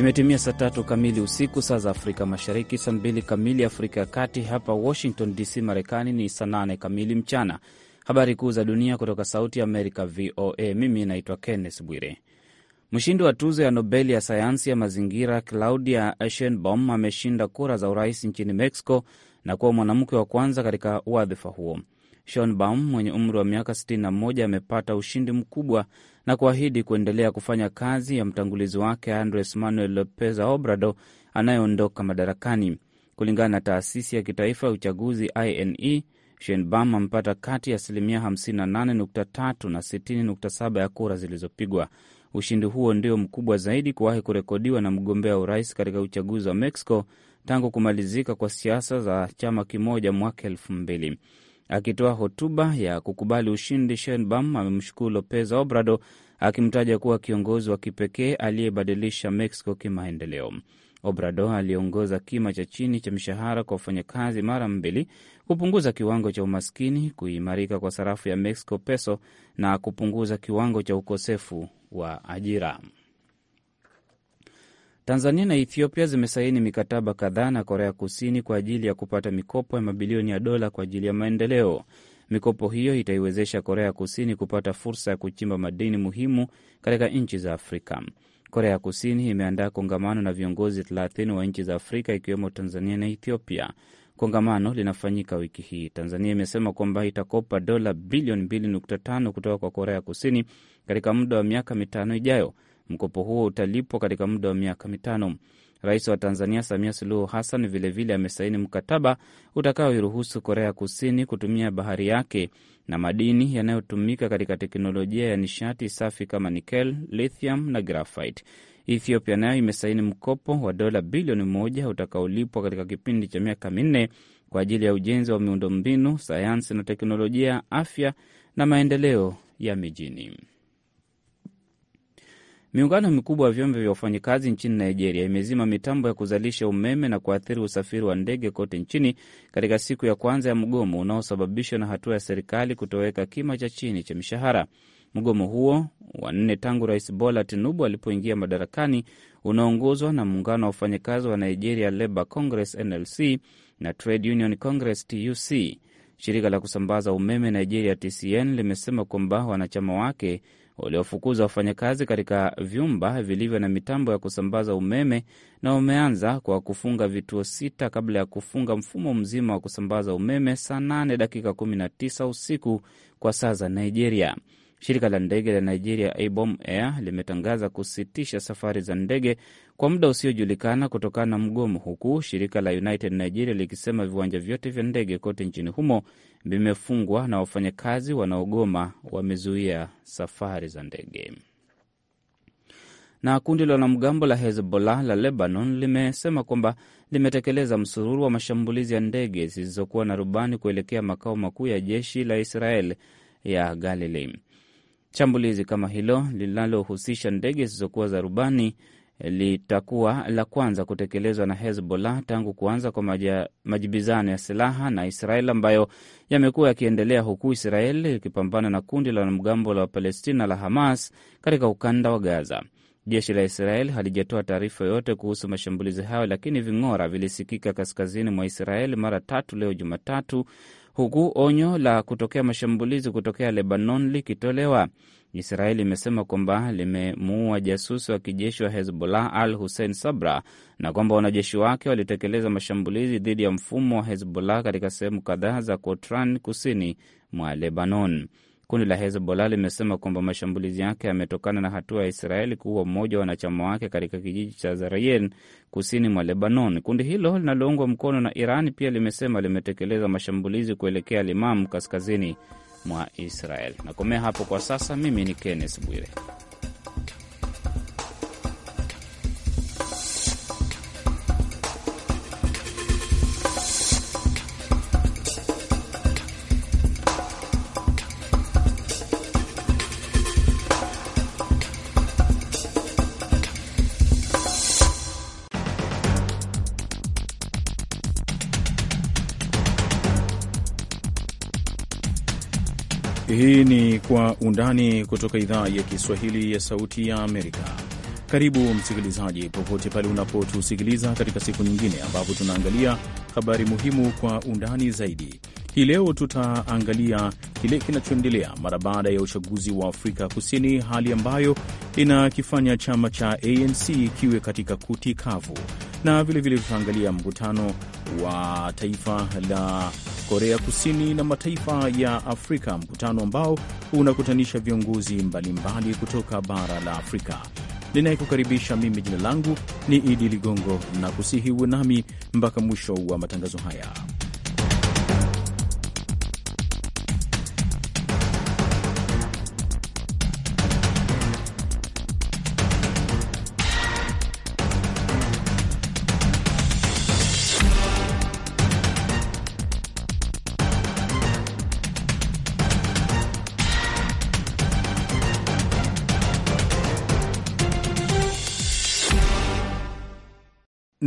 Imetimia saa tatu kamili usiku saa za Afrika Mashariki, saa mbili kamili Afrika ya Kati. Hapa Washington DC, Marekani ni saa nane kamili mchana. Habari kuu za dunia kutoka Sauti ya Amerika, VOA. Mimi naitwa Kenneth Bwire. Mshindi wa tuzo ya Nobel ya sayansi ya mazingira Claudia Sheinbaum ameshinda kura za urais nchini Mexico na kuwa mwanamke wa kwanza katika wadhifa huo. Sheinbaum mwenye umri wa miaka 61 amepata ushindi mkubwa na kuahidi kuendelea kufanya kazi ya mtangulizi wake Andres Manuel Lopez Obrador anayeondoka madarakani. Kulingana na taasisi ya kitaifa ya uchaguzi INE, Sheinbaum amepata kati ya asilimia 58.3 na 60.7 ya kura zilizopigwa. Ushindi huo ndio mkubwa zaidi kuwahi kurekodiwa na mgombea urais katika uchaguzi wa Mexico tangu kumalizika kwa siasa za chama kimoja mwaka elfu mbili. Akitoa hotuba ya kukubali ushindi, Sheinbaum amemshukuru Lopez Obrador akimtaja kuwa kiongozi wa kipekee aliyebadilisha Mexico kimaendeleo. Obrador aliongoza kima cha chini cha mishahara kwa wafanyakazi mara mbili, kupunguza kiwango cha umaskini, kuimarika kwa sarafu ya Mexico peso na kupunguza kiwango cha ukosefu wa ajira. Tanzania na Ethiopia zimesaini mikataba kadhaa na Korea Kusini kwa ajili ya kupata mikopo ya mabilioni ya dola kwa ajili ya maendeleo. Mikopo hiyo itaiwezesha Korea Kusini kupata fursa ya kuchimba madini muhimu katika nchi za Afrika. Korea Kusini imeandaa kongamano na viongozi 30 wa nchi za Afrika ikiwemo Tanzania na Ethiopia. Kongamano linafanyika wiki hii. Tanzania imesema kwamba itakopa dola bilioni 2.5 kutoka kwa Korea Kusini katika muda wa miaka mitano ijayo. Mkopo huo utalipwa katika muda wa miaka mitano. Rais wa Tanzania Samia Suluhu Hassan vilevile amesaini mkataba utakaoiruhusu Korea Kusini kutumia bahari yake na madini yanayotumika katika teknolojia ya nishati safi kama nikel, lithium na grafite. Ethiopia nayo imesaini mkopo wa dola bilioni moja utakaolipwa katika kipindi cha miaka minne kwa ajili ya ujenzi wa miundombinu, sayansi na teknolojia, afya na maendeleo ya mijini. Miungano mikubwa ya vyombo vya wafanyakazi nchini Nigeria imezima mitambo ya kuzalisha umeme na kuathiri usafiri wa ndege kote nchini katika siku ya kwanza ya mgomo unaosababishwa na hatua ya serikali kutoweka kima cha chini cha mishahara. Mgomo huo wa nne tangu Rais Bola Tinubu alipoingia madarakani unaongozwa na muungano wa wafanyakazi wa Nigeria Labour Congress NLC na Trade Union Congress TUC. Shirika la kusambaza umeme Nigeria TCN limesema kwamba wanachama wake uliofukuza wafanyakazi katika vyumba vilivyo na mitambo ya kusambaza umeme na umeanza kwa kufunga vituo sita kabla ya kufunga mfumo mzima wa kusambaza umeme saa 8 dakika 19 usiku kwa saa za Nigeria. Shirika la ndege la Nigeria Abom Air limetangaza kusitisha safari za ndege kwa muda usiojulikana kutokana na mgomo, huku shirika la United Nigeria likisema viwanja vyote vya ndege kote nchini humo vimefungwa na wafanyakazi wanaogoma wamezuia safari za ndege. Na kundi la wanamgambo la Hezbollah la Lebanon limesema kwamba limetekeleza msururu wa mashambulizi ya ndege zisizokuwa na rubani kuelekea makao makuu ya jeshi la Israel ya Galilei. Shambulizi kama hilo linalohusisha ndege zisizokuwa za rubani eh, litakuwa la kwanza kutekelezwa na Hezbollah tangu kuanza kwa majibizano ya silaha na Israel ambayo yamekuwa yakiendelea, huku Israel ikipambana na kundi la wanamgambo la Palestina la Hamas katika ukanda wa Gaza. Jeshi la Israel halijatoa taarifa yoyote kuhusu mashambulizi hayo, lakini ving'ora vilisikika kaskazini mwa Israel mara tatu leo Jumatatu, huku onyo la kutokea mashambulizi kutokea Lebanon likitolewa. Israeli imesema kwamba limemuua jasusi wa kijeshi wa Hezbollah Al Hussein Sabra na kwamba wanajeshi wake walitekeleza mashambulizi dhidi ya mfumo wa Hezbollah katika sehemu kadhaa za Kotran kusini mwa Lebanon. Kundi la Hezbollah limesema kwamba mashambulizi yake yametokana na hatua ya Israeli kuua mmoja wa wanachama wake katika kijiji cha Zarayen kusini mwa Lebanon. Kundi hilo linaloungwa mkono na Iran pia limesema limetekeleza mashambulizi kuelekea Limam kaskazini mwa Israel. Nakomea hapo kwa sasa. Mimi ni Kenneth Bwire. Hii ni Kwa Undani kutoka idhaa ya Kiswahili ya Sauti ya Amerika. Karibu msikilizaji, popote pale unapotusikiliza katika siku nyingine ambapo tunaangalia habari muhimu kwa undani zaidi. Hii leo tutaangalia kile kinachoendelea mara baada ya uchaguzi wa Afrika Kusini, hali ambayo inakifanya chama cha ANC kiwe katika kuti kavu, na vilevile tutaangalia mkutano wa taifa la Korea Kusini na mataifa ya Afrika, mkutano ambao unakutanisha viongozi mbalimbali kutoka bara la Afrika. Ninayekukaribisha mimi, jina langu ni Idi Ligongo, na kusihi uwe nami mpaka mwisho wa matangazo haya.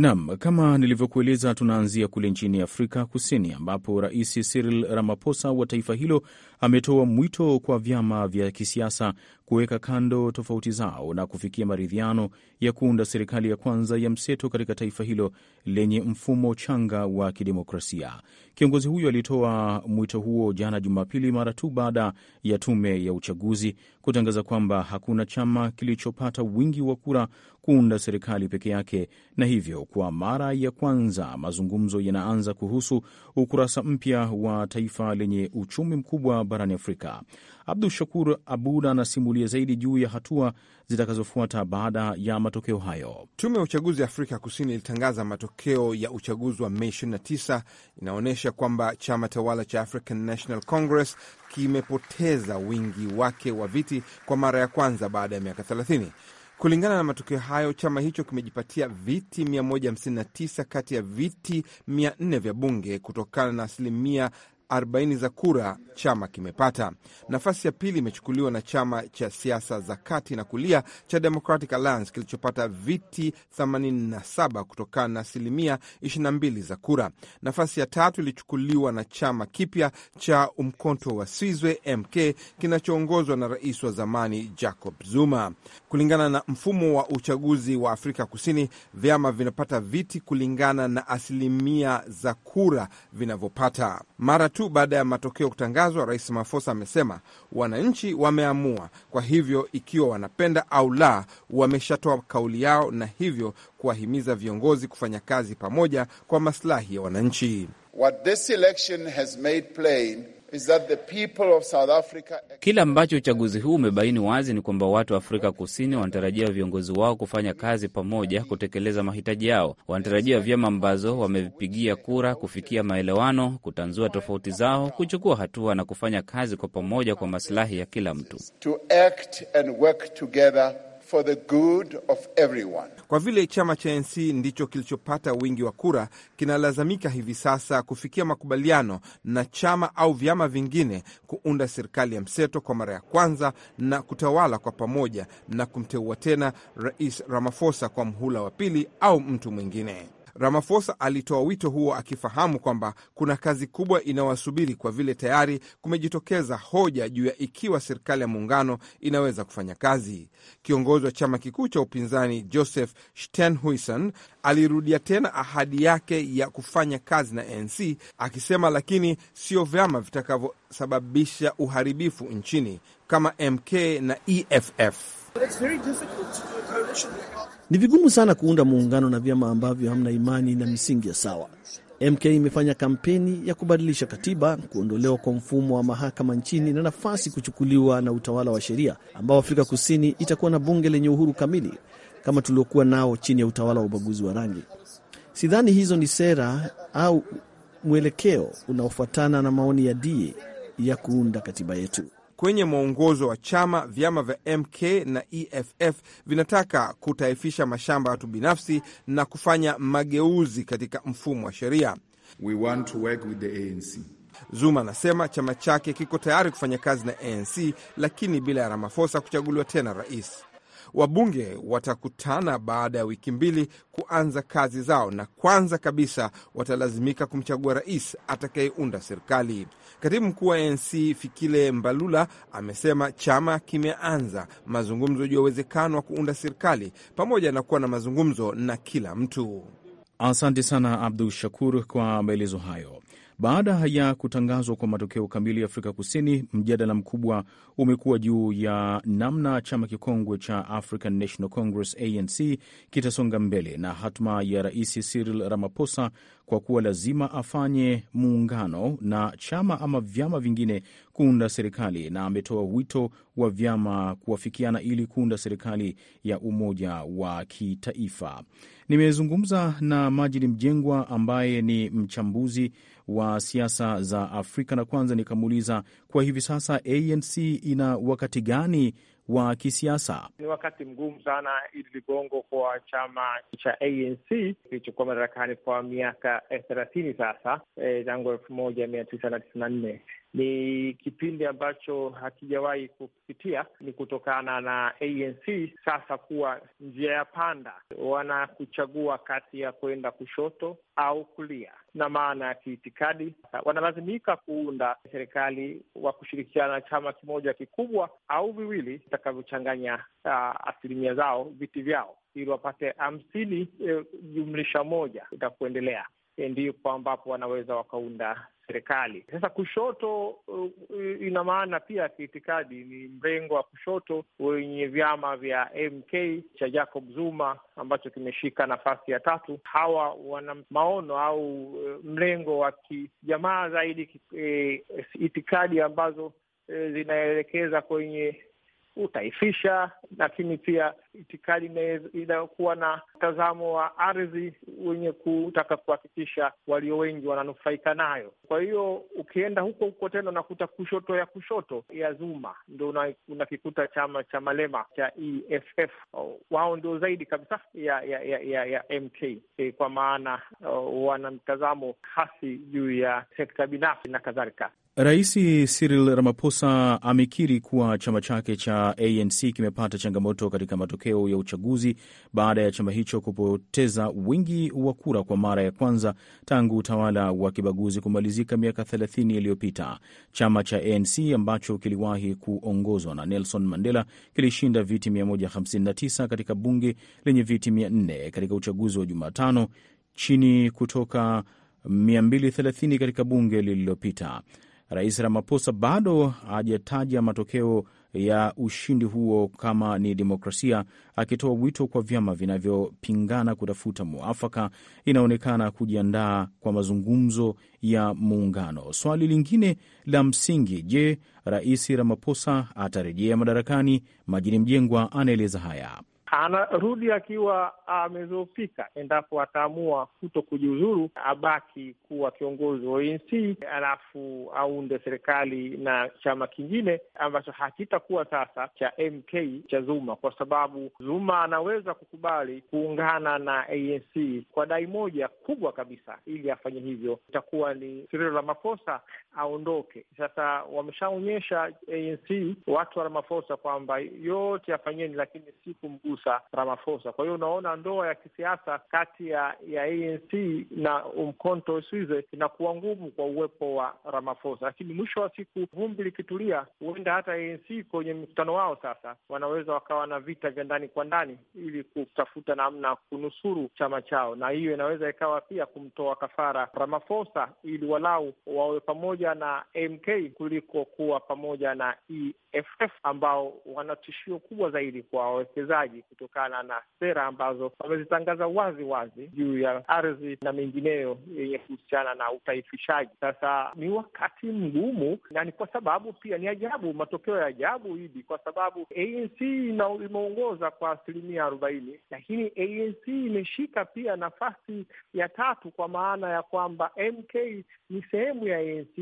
Naam, kama nilivyokueleza, tunaanzia kule nchini Afrika Kusini ambapo Rais Cyril Ramaphosa wa taifa hilo ametoa mwito kwa vyama vya kisiasa kuweka kando tofauti zao na kufikia maridhiano ya kuunda serikali ya kwanza ya mseto katika taifa hilo lenye mfumo changa wa kidemokrasia. Kiongozi huyo alitoa mwito huo jana Jumapili, mara tu baada ya tume ya uchaguzi kutangaza kwamba hakuna chama kilichopata wingi wa kura kuunda serikali peke yake, na hivyo kwa mara ya kwanza mazungumzo yanaanza kuhusu ukurasa mpya wa taifa lenye uchumi mkubwa barani Afrika. Abdu Shakur Abud anasimulia zaidi juu ya hatua zitakazofuata baada ya matokeo hayo. Tume ya uchaguzi ya Afrika Kusini ilitangaza matokeo ya uchaguzi wa Mei 29. Inaonyesha kwamba chama tawala cha African National Congress kimepoteza wingi wake wa viti kwa mara ya kwanza baada ya miaka 30. Kulingana na matokeo hayo, chama hicho kimejipatia viti 159 kati ya viti 400 vya bunge kutokana na asilimia 40 za kura chama kimepata. Nafasi ya pili imechukuliwa na chama cha siasa za kati na kulia cha Democratic Alliance kilichopata viti 87 kutokana na asilimia 22 za kura. Nafasi ya tatu ilichukuliwa na chama kipya cha Umkhonto wa Sizwe MK kinachoongozwa na rais wa zamani Jacob Zuma. Kulingana na mfumo wa uchaguzi wa Afrika Kusini, vyama vinapata viti kulingana na asilimia za kura vinavyopata. Mara tu baada ya matokeo kutangazwa, Rais Mafosa amesema wananchi wameamua, kwa hivyo ikiwa wanapenda au la, wameshatoa kauli yao, na hivyo kuwahimiza viongozi kufanya kazi pamoja kwa maslahi ya wananchi. What this election has made plain Africa... kile ambacho uchaguzi huu umebaini wazi ni kwamba watu wa Afrika Kusini wanatarajia viongozi wao kufanya kazi pamoja kutekeleza mahitaji yao. Wanatarajia vyama ambazo wamevipigia kura kufikia maelewano, kutanzua tofauti zao, kuchukua hatua na kufanya kazi kwa pamoja kwa masilahi ya kila mtu to act and work for the good of everyone. Kwa vile chama cha ANC ndicho kilichopata wingi wa kura, kinalazimika hivi sasa kufikia makubaliano na chama au vyama vingine kuunda serikali ya mseto kwa mara ya kwanza na kutawala kwa pamoja na kumteua tena Rais Ramaphosa kwa mhula wa pili au mtu mwingine. Ramaphosa alitoa wito huo akifahamu kwamba kuna kazi kubwa inawasubiri kwa vile tayari kumejitokeza hoja juu ya ikiwa serikali ya muungano inaweza kufanya kazi. Kiongozi wa chama kikuu cha upinzani Joseph Stenhuisen alirudia tena ahadi yake ya kufanya kazi na ANC akisema, lakini sio vyama vitakavyosababisha uharibifu nchini kama MK na EFF. Ni vigumu sana kuunda muungano na vyama ambavyo hamna imani na misingi ya sawa. MK imefanya kampeni ya kubadilisha katiba, kuondolewa kwa mfumo wa mahakama nchini na nafasi kuchukuliwa na utawala wa sheria, ambao Afrika Kusini itakuwa na bunge lenye uhuru kamili kama tuliokuwa nao chini ya utawala wa ubaguzi wa rangi. Sidhani hizo ni sera au mwelekeo unaofuatana na maoni ya die ya kuunda katiba yetu kwenye mwongozo wa chama, vyama vya MK na EFF vinataka kutaifisha mashamba ya watu binafsi na kufanya mageuzi katika mfumo wa sheria. We want to work with the ANC. Zuma anasema chama chake kiko tayari kufanya kazi na ANC, lakini bila ya Ramaphosa kuchaguliwa tena rais. Wabunge watakutana baada ya wiki mbili kuanza kazi zao, na kwanza kabisa watalazimika kumchagua rais atakayeunda serikali. Katibu mkuu wa ANC Fikile Mbalula amesema chama kimeanza mazungumzo juu ya uwezekano wa kuunda serikali pamoja na kuwa na mazungumzo na kila mtu. Asante sana Abdu Shakur kwa maelezo hayo. Baada ya kutangazwa kwa matokeo kamili Afrika Kusini, mjadala mkubwa umekuwa juu ya namna chama kikongwe cha African National Congress ANC kitasonga mbele na hatma ya Rais Cyril Ramaphosa kwa kuwa lazima afanye muungano na chama ama vyama vingine kuunda serikali, na ametoa wito wa vyama kuwafikiana ili kuunda serikali ya umoja wa kitaifa. Nimezungumza na Majid Mjengwa ambaye ni mchambuzi wa siasa za Afrika, na kwanza nikamuuliza kwa hivi sasa ANC ina wakati gani wa kisiasa? Ni wakati mgumu sana Idi Ligongo kwa chama cha ANC kilichokuwa madarakani kwa miaka thelathini sasa eh, tangu elfu moja mia tisa na tisini na nne ni kipindi ambacho hakijawahi kupitia, ni kutokana na ANC sasa kuwa njia ya panda, wanakuchagua kati ya kwenda kushoto au kulia, na maana ya kiitikadi wanalazimika kuunda serikali wa kushirikiana na chama kimoja kikubwa au viwili vitakavyochanganya uh, asilimia zao viti vyao ili wapate hamsini eh, jumlisha moja itakuendelea, ndipo ambapo wanaweza wakaunda serikali. Sasa kushoto uh, ina maana pia kiitikadi ni mrengo wa kushoto wenye vyama vya MK cha Jacob Zuma ambacho kimeshika nafasi ya tatu. Hawa wana maono au uh, mrengo wa kijamaa zaidi, uh, itikadi ambazo uh, zinaelekeza kwenye utaifisha, lakini pia itikadi inayokuwa na mtazamo wa ardhi wenye kutaka kuhakikisha walio wengi wananufaika nayo. Kwa hiyo ukienda huko huko tena unakuta kushoto ya kushoto ya Zuma ndo unakikuta chama cha Malema cha EFF, wao ndio zaidi kabisa ya ya ya, ya, ya MK e, kwa maana uh, wana mtazamo hasi juu ya sekta binafsi na kadhalika. Rais Cyril Ramaphosa amekiri kuwa chama chake cha ANC kimepata changamoto katika matokeo ya uchaguzi baada ya chama hicho kupoteza wingi wa kura kwa mara ya kwanza tangu utawala wa kibaguzi kumalizika miaka 30 iliyopita. Chama cha ANC ambacho kiliwahi kuongozwa na Nelson Mandela kilishinda viti 159 katika bunge lenye viti 400 katika uchaguzi wa Jumatano, chini kutoka 230 katika bunge lililopita. Rais Ramaphosa bado hajataja matokeo ya ushindi huo kama ni demokrasia, akitoa wito kwa vyama vinavyopingana kutafuta mwafaka. Inaonekana kujiandaa kwa mazungumzo ya muungano. Swali lingine la msingi, je, Rais Ramaphosa atarejea madarakani? Majini Mjengwa anaeleza haya anarudi akiwa amezofika. Endapo ataamua kuto kujiuzuru, abaki kuwa kiongozi wa ANC alafu aunde serikali na chama kingine ambacho hakitakuwa sasa cha MK cha Zuma, kwa sababu Zuma anaweza kukubali kuungana na ANC kwa dai moja kubwa kabisa. Ili afanye hivyo, itakuwa ni Cyril Ramaphosa aondoke. Sasa wameshaonyesha ANC watu wa Ramaphosa kwamba yote afanyeni, lakini sikumgusa kumgusa Ramafosa. Kwa hiyo unaona ndoa ya kisiasa kati ya ya ANC na Umkhonto we Sizwe inakuwa ngumu kwa uwepo wa ramafosa lakini mwisho wa siku vumbi likitulia, huenda hata ANC kwenye mkutano wao sasa wanaweza wakawa na vita vya ndani kwa ndani ili kutafuta namna kunusuru chama chao, na hiyo inaweza ikawa pia kumtoa kafara ramafosa ili walau wawe pamoja na MK kuliko kuwa pamoja na EFF ambao wana tishio kubwa zaidi kwa wawekezaji kutokana na sera ambazo wamezitangaza wazi wazi juu ya ardhi na mengineyo yenye kuhusiana na utaifishaji. Sasa ni wakati mgumu, na ni kwa sababu pia ni ajabu, matokeo ya ajabu hivi, kwa sababu ANC imeongoza kwa asilimia arobaini, lakini ANC imeshika pia nafasi ya tatu kwa maana ya kwamba MK ni sehemu ya ANC,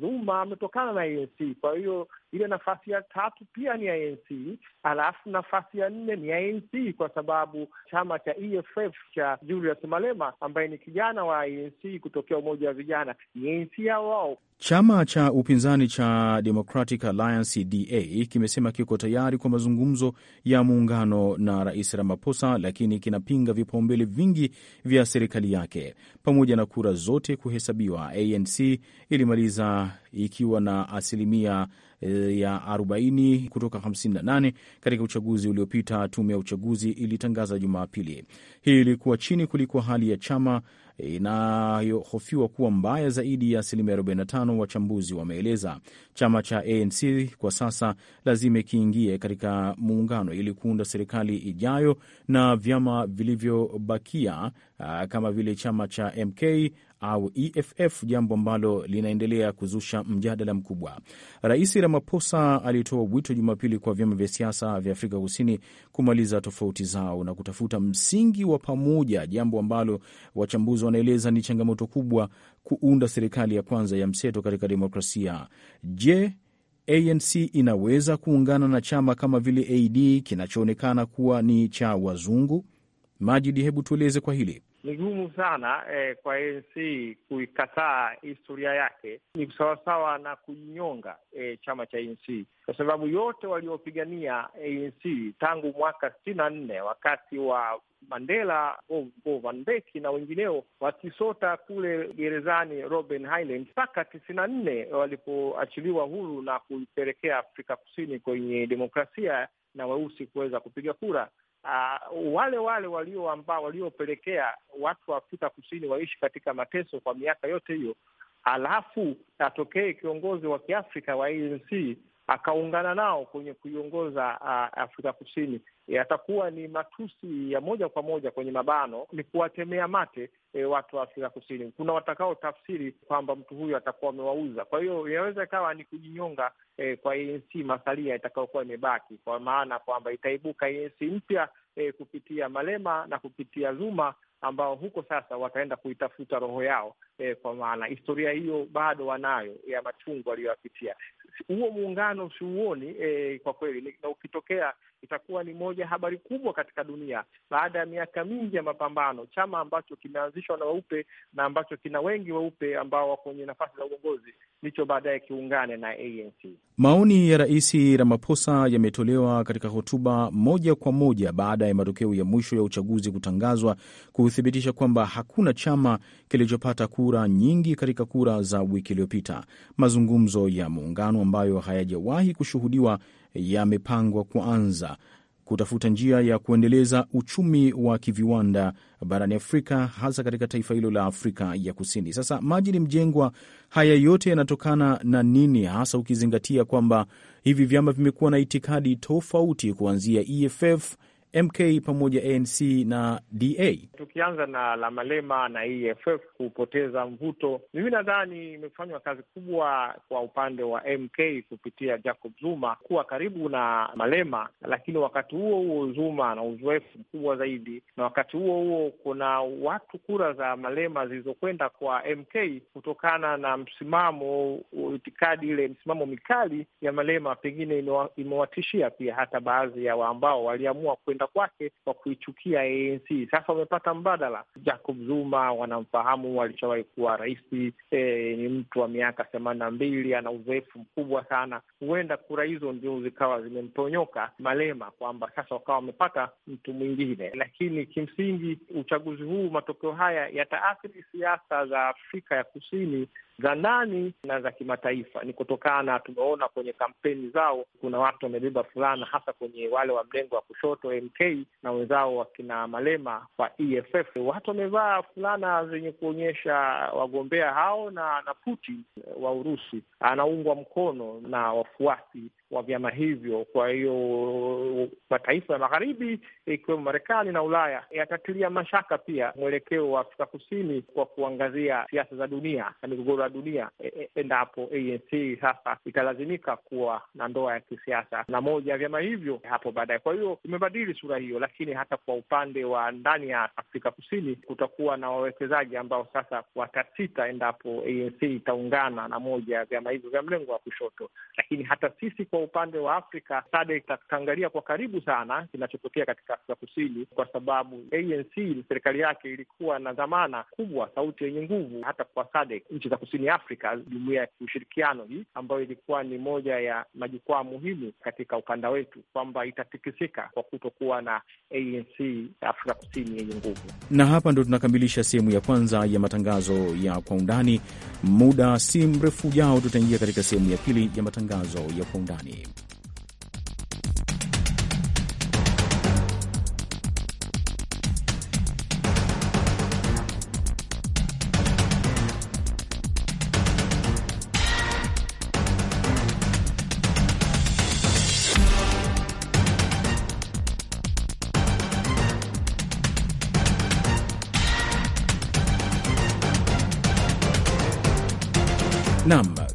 Zuma ametokana na ANC, kwa hiyo ile nafasi ya tatu pia ni ANC, alafu nafasi ya nne ni ANC kwa sababu chama cha EFF cha Julius Malema ambaye ni kijana wa ANC kutokea umoja wa vijana ni ANC hao wao. Chama cha upinzani cha Democratic Alliance DA kimesema kiko tayari kwa mazungumzo ya muungano na Rais Ramaphosa, lakini kinapinga vipaumbele vingi vya serikali yake. Pamoja na kura zote kuhesabiwa, ANC ilimaliza ikiwa na asilimia eh, ya 40 kutoka 58 katika uchaguzi uliopita. Tume ya uchaguzi ilitangaza Jumapili hii ilikuwa chini kuliko hali ya chama eh, inayohofiwa kuwa mbaya zaidi ya asilimia 45, wachambuzi wameeleza. Chama cha ANC kwa sasa lazima kiingie katika muungano ili kuunda serikali ijayo, na vyama vilivyobakia ah, kama vile chama cha MK au EFF, jambo ambalo linaendelea kuzusha mjadala mkubwa. Rais Ramaphosa alitoa wito Jumapili kwa vyama vya siasa vya Afrika Kusini kumaliza tofauti zao na kutafuta msingi wa pamoja, jambo ambalo wachambuzi wanaeleza ni changamoto kubwa kuunda serikali ya kwanza ya mseto katika demokrasia. Je, ANC inaweza kuungana na chama kama vile AD kinachoonekana kuwa ni cha wazungu? Majidi, hebu tueleze kwa hili. Ni gumu sana eh, kwa ANC kuikataa historia yake. Ni sawasawa na kuinyonga eh, chama cha ANC kwa sababu yote waliopigania ANC tangu mwaka sitini na nne wakati wa Mandela, Go Van Beki na wengineo wakisota kule gerezani Robben Island mpaka tisini na nne walipoachiliwa huru na kuipelekea Afrika Kusini kwenye demokrasia na weusi kuweza kupiga kura uh, wale wale walio ambao waliopelekea watu wa Afrika Kusini waishi katika mateso kwa miaka yote hiyo, alafu atokee kiongozi wa Kiafrika wa ANC akaungana nao kwenye kuiongoza uh, Afrika Kusini, yatakuwa e, ni matusi ya moja kwa moja kwenye mabano, ni kuwatemea mate e, watu wa Afrika Kusini. Kuna watakao tafsiri kwamba mtu huyu atakuwa amewauza, kwa hiyo inaweza ikawa ni kujinyonga e, kwa ANC masalia itakayokuwa imebaki, kwa maana kwamba itaibuka ANC mpya e, kupitia Malema na kupitia Zuma ambao huko sasa wataenda kuitafuta roho yao eh, kwa maana historia hiyo bado wanayo ya machungu waliyoyapitia. Huo muungano siuoni eh, kwa kweli, na ukitokea itakuwa ni moja habari kubwa katika dunia baada ya miaka mingi ya mapambano. Chama ambacho kimeanzishwa na weupe na ambacho kina wengi weupe ambao wako kwenye nafasi za uongozi ndicho baadaye kiungane na ANC. Maoni ya Rais Ramaphosa yametolewa katika hotuba moja kwa moja baada ya matokeo ya mwisho ya uchaguzi kutangazwa kuthibitisha kwamba hakuna chama kilichopata kura nyingi katika kura za wiki iliyopita. Mazungumzo ya muungano ambayo hayajawahi kushuhudiwa yamepangwa kuanza kutafuta njia ya kuendeleza uchumi wa kiviwanda barani Afrika, hasa katika taifa hilo la Afrika ya Kusini. Sasa maji ni Mjengwa, haya yote yanatokana na nini hasa, ukizingatia kwamba hivi vyama vimekuwa na itikadi tofauti kuanzia EFF MK pamoja ANC na DA. Tukianza na Lamalema na EFF kupoteza mvuto, mimi nadhani imefanywa kazi kubwa kwa upande wa MK kupitia Jacob Zuma kuwa karibu na Malema, lakini wakati huo huo Zuma na uzoefu mkubwa zaidi, na wakati huo huo kuna watu kura za Malema zilizokwenda kwa MK kutokana na msimamo, itikadi ile, msimamo mikali ya Malema pengine imewatishia pia hata baadhi ya waambao waliamua kwenda kwenda kwake kwa kuichukia ANC. Sasa wamepata mbadala, Jacob Zuma wanamfahamu, alishawahi kuwa rais e, ni mtu wa miaka themanini na mbili, ana uzoefu mkubwa sana. Huenda kura hizo ndio zikawa zimemtonyoka Malema, kwamba sasa wakawa wamepata mtu mwingine, lakini kimsingi uchaguzi huu, matokeo haya yataathiri siasa za Afrika ya Kusini za ndani na za kimataifa. Ni kutokana tumeona kwenye kampeni zao kuna watu wamebeba fulana, hasa kwenye wale wa mrengo wa kushoto MK na wenzao wakina Malema wa EFF, watu wamevaa fulana zenye kuonyesha wagombea hao na na Putin wa Urusi anaungwa mkono na wafuasi wa vyama hivyo. Kwa hiyo mataifa ya magharibi ikiwemo Marekani na Ulaya yatatilia mashaka pia mwelekeo wa Afrika Kusini kwa kuangazia siasa za dunia na migogoro ya dunia e, e, endapo ANC sasa italazimika kuwa na ndoa ya kisiasa na moja ya vyama hivyo hapo baadaye. Kwa hiyo imebadili sura hiyo, lakini hata kwa upande wa ndani ya Afrika Kusini kutakuwa na wawekezaji ambao sasa watasita endapo ANC itaungana na moja ya vyama hivyo vya mlengo wa kushoto, lakini hata sisi kwa upande wa Afrika SADC itaangalia kwa karibu sana kinachotokea katika Afrika Kusini, kwa sababu ANC serikali yake ilikuwa na dhamana kubwa, sauti yenye nguvu hata kwa SADC nchi za kusini Afrika, jumuia ya ushirikiano hii ambayo ilikuwa ni moja ya majukwaa muhimu katika ukanda wetu, kwamba itatikisika kwa kutokuwa na ANC Afrika Kusini yenye nguvu. Na hapa ndo tunakamilisha sehemu ya kwanza ya matangazo ya kwa undani. Muda si mrefu ujao tutaingia katika sehemu ya pili ya matangazo ya kwa undani. Marekani.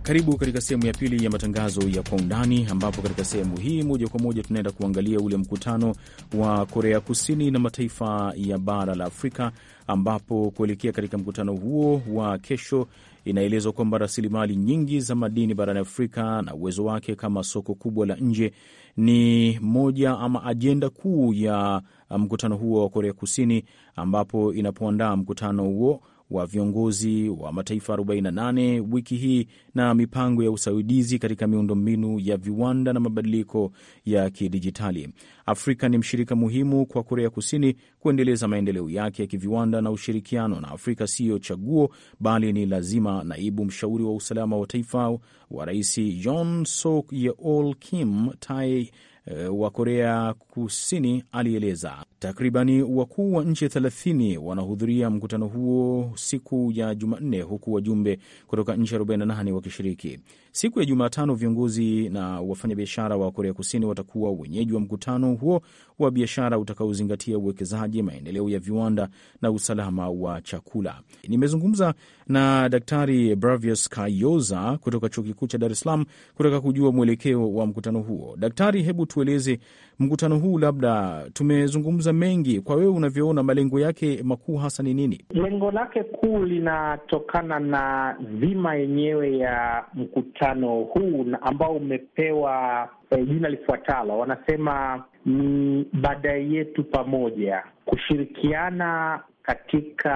Karibu katika sehemu ya pili ya matangazo ya kwa undani, ambapo katika sehemu hii moja kwa moja tunaenda kuangalia ule mkutano wa Korea Kusini na mataifa ya bara la Afrika, ambapo kuelekea katika mkutano huo wa kesho inaelezwa kwamba rasilimali nyingi za madini barani Afrika na uwezo wake kama soko kubwa la nje ni moja ama ajenda kuu ya mkutano huo wa Korea Kusini, ambapo inapoandaa mkutano huo wa viongozi wa mataifa 48 wiki hii na mipango ya usaidizi katika miundombinu ya viwanda na mabadiliko ya kidijitali. Afrika ni mshirika muhimu kwa Korea Kusini kuendeleza maendeleo yake ya kiviwanda na ushirikiano na Afrika siyo chaguo, bali ni lazima. Naibu mshauri wa usalama wa taifa wa rais Yoon Suk Yeol Kim Tae Eh, wa Korea Kusini alieleza. Takribani wakuu wa nchi thelathini wanahudhuria mkutano huo siku ya Jumanne, huku wajumbe kutoka nchi 48 wakishiriki. Siku ya Jumatano, viongozi na wafanyabiashara wa Korea Kusini watakuwa wenyeji wa mkutano huo wa biashara utakaozingatia uwekezaji, maendeleo ya viwanda na usalama wa chakula. Nimezungumza na Daktari Bravius Kayoza kutoka chuo kikuu cha Dar es Salaam kutaka kujua mwelekeo wa mkutano huo. Daktari, hebu tueleze mkutano huu, labda tumezungumza mengi, kwa wewe unavyoona malengo yake makuu hasa ni nini? Lengo lake kuu linatokana na dhima yenyewe ya mkutano huu ambao umepewa eh, jina eh, lifuatalo. Wanasema ni baadaye yetu pamoja, kushirikiana katika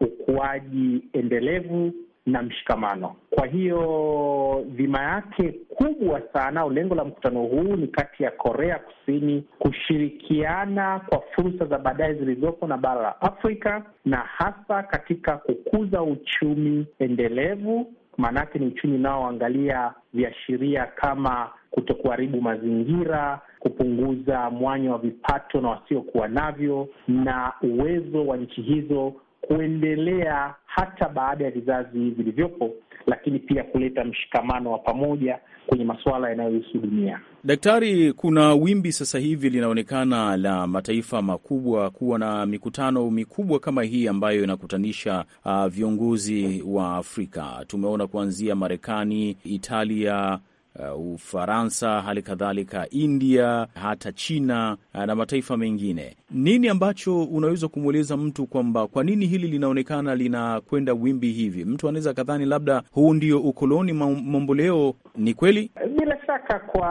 ukuaji endelevu na mshikamano. Kwa hiyo dhima yake kubwa sana au lengo la mkutano huu ni kati ya Korea Kusini kushirikiana kwa fursa za baadaye zilizopo na bara la Afrika na hasa katika kukuza uchumi endelevu, maanake ni uchumi unaoangalia viashiria kama kutokuharibu mazingira, kupunguza mwanya wa vipato na wasiokuwa navyo, na uwezo wa nchi hizo kuendelea hata baada ya vizazi vilivyopo, lakini pia kuleta mshikamano wa pamoja kwenye masuala yanayohusu dunia. Daktari, kuna wimbi sasa hivi linaonekana la mataifa makubwa kuwa na mikutano mikubwa kama hii ambayo inakutanisha uh, viongozi wa Afrika. Tumeona kuanzia Marekani, Italia, uh, Ufaransa, hali kadhalika India, hata China uh, na mataifa mengine. Nini ambacho unaweza kumweleza mtu kwamba kwa nini hili linaonekana linakwenda wimbi hivi? Mtu anaweza kadhani labda huu ndio ukoloni mamboleo. Ni kweli bila shaka, kwa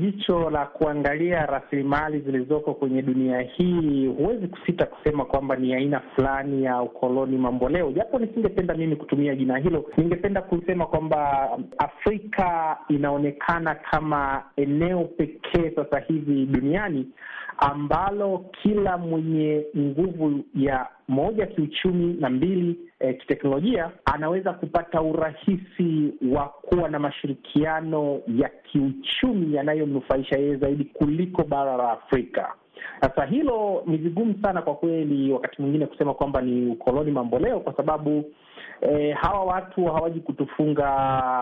jicho la kuangalia rasilimali zilizoko kwenye dunia hii, huwezi kusita kusema kwamba ni aina fulani ya ukoloni mamboleo, japo nisingependa mimi kutumia jina hilo. Ningependa kusema kwamba Afrika linaonekana kama eneo pekee sasa hivi duniani ambalo kila mwenye nguvu ya moja kiuchumi na mbili e, kiteknolojia anaweza kupata urahisi wa kuwa na mashirikiano ya kiuchumi yanayomnufaisha yeye zaidi kuliko bara la Afrika. Sasa hilo ni vigumu sana kwa kweli, wakati mwingine kusema kwamba ni ukoloni mamboleo, kwa sababu eh, hawa watu hawaji kutufunga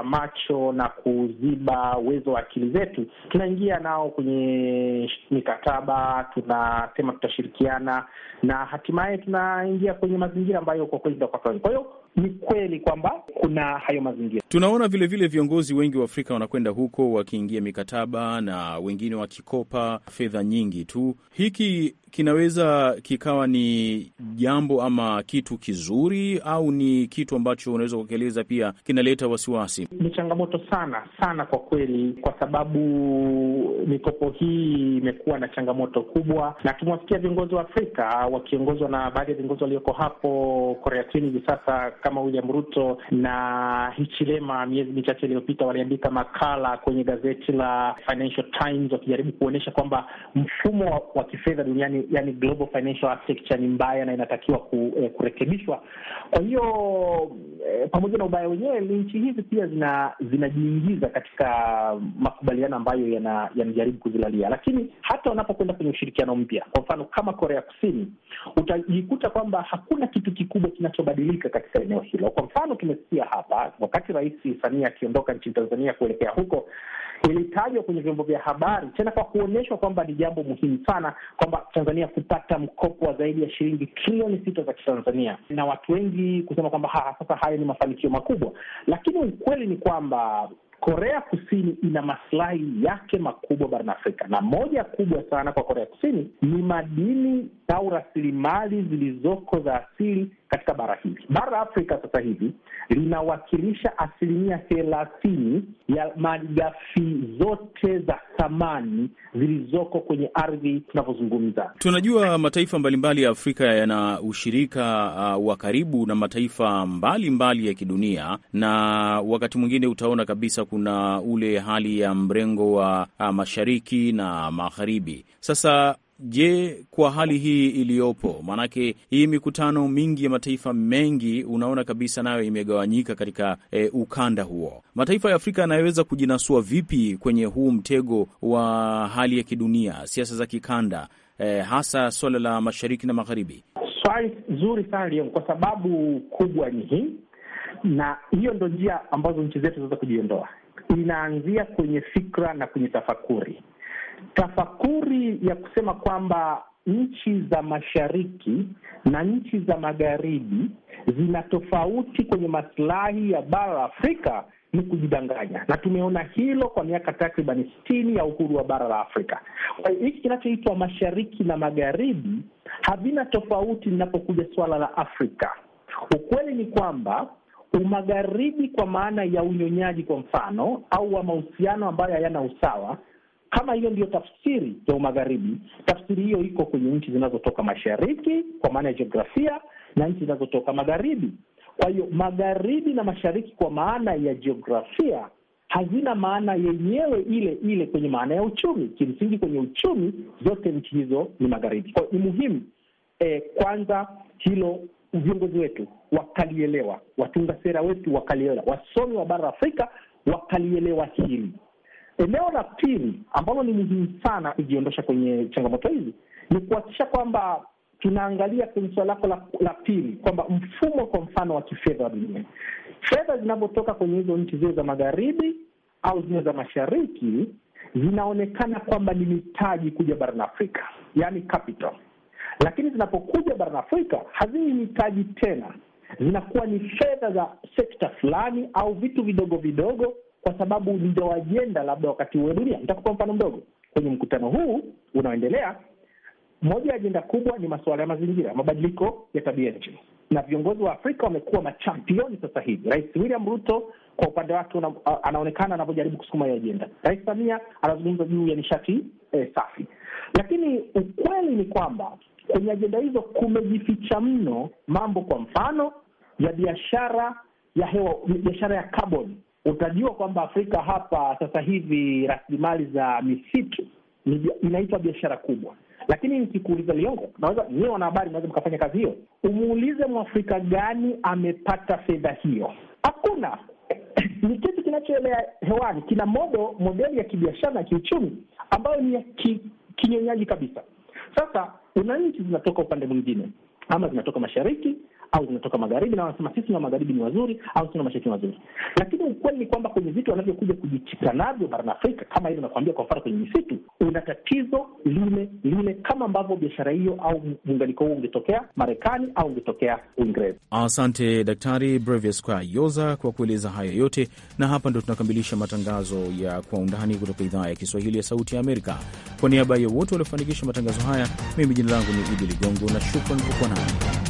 macho na kuziba uwezo wa akili zetu. Tunaingia nao kwenye mikataba, tunasema tutashirikiana, na hatimaye tunaingia kwenye mazingira ambayo kwa kweli kwa hiyo ni kweli kwamba kuna hayo mazingira. Tunaona vile vile viongozi wengi wa Afrika wanakwenda huko wakiingia mikataba na wengine wakikopa fedha nyingi tu. Hiki kinaweza kikawa ni jambo ama kitu kizuri, au ni kitu ambacho unaweza kukieleza pia kinaleta wasiwasi? Ni changamoto sana sana kwa kweli, kwa sababu mikopo hii imekuwa na changamoto kubwa, na tumewasikia viongozi wa Afrika wakiongozwa na baadhi ya viongozi walioko hapo Korea Kusini hivi sasa kama William Ruto na Hichilema miezi michache iliyopita waliandika makala kwenye gazeti la Financial Times wakijaribu kuonyesha kwamba mfumo wa, kifedha duniani, yani global financial architecture, ni mbaya na inatakiwa ku, eh, kurekebishwa. Kwa hiyo eh, pamoja na ubaya wenyewe, nchi hizi pia zina zinajiingiza katika makubaliano ambayo yanajaribu yana kuzilalia, lakini hata wanapokwenda kwenye ushirikiano mpya, kwa mfano kama Korea Kusini, utajikuta kwamba hakuna kitu kikubwa kinachobadilika katika eneo hilo. Kwa mfano, tumesikia hapa wakati Rais Samia akiondoka nchini Tanzania kuelekea huko, ilitajwa kwenye vyombo vya habari tena kwa kuonyeshwa kwamba ni jambo muhimu sana kwamba Tanzania kupata mkopo wa zaidi ya shilingi trilioni sita za Kitanzania, na watu wengi kusema kwamba ha, sasa hayo ni mafanikio makubwa, lakini ukweli ni kwamba Korea Kusini ina maslahi yake makubwa barani Afrika, na moja kubwa sana kwa Korea Kusini ni madini au rasilimali zilizoko za asili katika bara hili. Bara la Afrika sasa hivi linawakilisha asilimia thelathini ya malighafi zote za thamani zilizoko kwenye ardhi tunavyozungumza. Tunajua mataifa mbalimbali ya Afrika yana ushirika uh, wa karibu na mataifa mbalimbali mbali ya kidunia, na wakati mwingine utaona kabisa kuna ule hali ya mrengo wa uh, mashariki na magharibi. Sasa Je, kwa hali hii iliyopo, maanake hii mikutano mingi ya mataifa mengi unaona kabisa nayo imegawanyika katika e, ukanda huo, mataifa ya Afrika yanayoweza kujinasua vipi kwenye huu mtego wa hali ya kidunia, siasa za kikanda, e, hasa swala la mashariki na magharibi? Swali zuri sana, kwa sababu kubwa ni hii, na hiyo ndo njia ambazo nchi zetu zinaweza kujiondoa, inaanzia kwenye fikra na kwenye tafakuri tafakuri ya kusema kwamba nchi za mashariki na nchi za magharibi zina tofauti kwenye masilahi ya bara la Afrika ni kujidanganya, na tumeona hilo kwa miaka takriban sitini ya uhuru wa bara la Afrika. Kwa hiyo hiki kinachoitwa mashariki na magharibi havina tofauti linapokuja suala la Afrika. Ukweli ni kwamba umagharibi, kwa maana ya unyonyaji, kwa mfano, au wa mahusiano ambayo hayana usawa, kama hiyo ndiyo tafsiri ya umagharibi, tafsiri hiyo iko kwenye nchi zinazotoka mashariki kwa maana ya jiografia na nchi zinazotoka magharibi. Kwa hiyo magharibi na mashariki kwa maana ya jiografia hazina maana yenyewe ile ile kwenye maana ya uchumi. Kimsingi kwenye uchumi zote nchi hizo ni magharibi. Kwa ni muhimu e, kwanza hilo viongozi wetu wakalielewa, watunga sera wetu wakalielewa, wasomi wa bara Afrika wakalielewa hili. Eneo la pili ambalo ni muhimu sana kujiondosha kwenye changamoto hizi ni kuhakikisha kwamba tunaangalia kwenye suala lako la, la pili kwamba mfumo kwa mfano wa kifedha wa dunia, fedha zinavyotoka kwenye hizo nchi zile za magharibi au zile za mashariki zinaonekana kwamba ni mitaji kuja barani Afrika, yani capital, lakini zinapokuja barani Afrika haziwi mitaji tena, zinakuwa ni fedha za sekta fulani au vitu vidogo vidogo kwa sababu ndio ajenda labda wakati huwe dunia. Nitakupa mfano mdogo. Kwenye mkutano huu unaoendelea, moja ya ajenda kubwa ni masuala ya mazingira, mabadiliko ya tabia nchi, na viongozi wa Afrika wamekuwa machampioni sasa hivi. Rais William Ruto kwa upande wake una, anaonekana anavyojaribu kusukuma hiyo ajenda. Rais Samia anazungumza juu ya nishati eh, safi, lakini ukweli ni kwamba kwenye ajenda hizo kumejificha mno mambo, kwa mfano ya biashara ya hewa, biashara ya kaboni utajua kwamba Afrika hapa sasa hivi rasilimali za misitu inaitwa biashara kubwa. Lakini nikikuuliza Liongo, naweza wanahabari, naweza mkafanya kazi hiyo, umuulize mwafrika gani amepata fedha hiyo? Hakuna. Ni kitu kinachoelea hewani, kina modo modeli ya kibiashara na kiuchumi ambayo ni ya ki, kinyonyaji kabisa. Sasa una nchi zinatoka upande mwingine, ama zinatoka mashariki au tunatoka magharibi na wanasema sisi na magharibi ni wazuri au sina mashariki wazuri, lakini ukweli ni kwamba kwenye vitu wanavyokuja kujichika navyo barani Afrika, kama hili nakuambia, kwa mfano kwenye misitu, una tatizo lile lile kama ambavyo biashara hiyo au muunganiko huo ungetokea Marekani au ungetokea Uingereza. Asante Daktari Brevis kwa Yoza kwa kueleza hayo yote, na hapa ndo tunakamilisha matangazo ya Kwa Undani kutoka idhaa ya Kiswahili ya Sauti ya Amerika. Kwa niaba ya wote waliofanikisha matangazo haya, mimi jina langu ni Idi Ligongo na shukran kwa kuwa nami.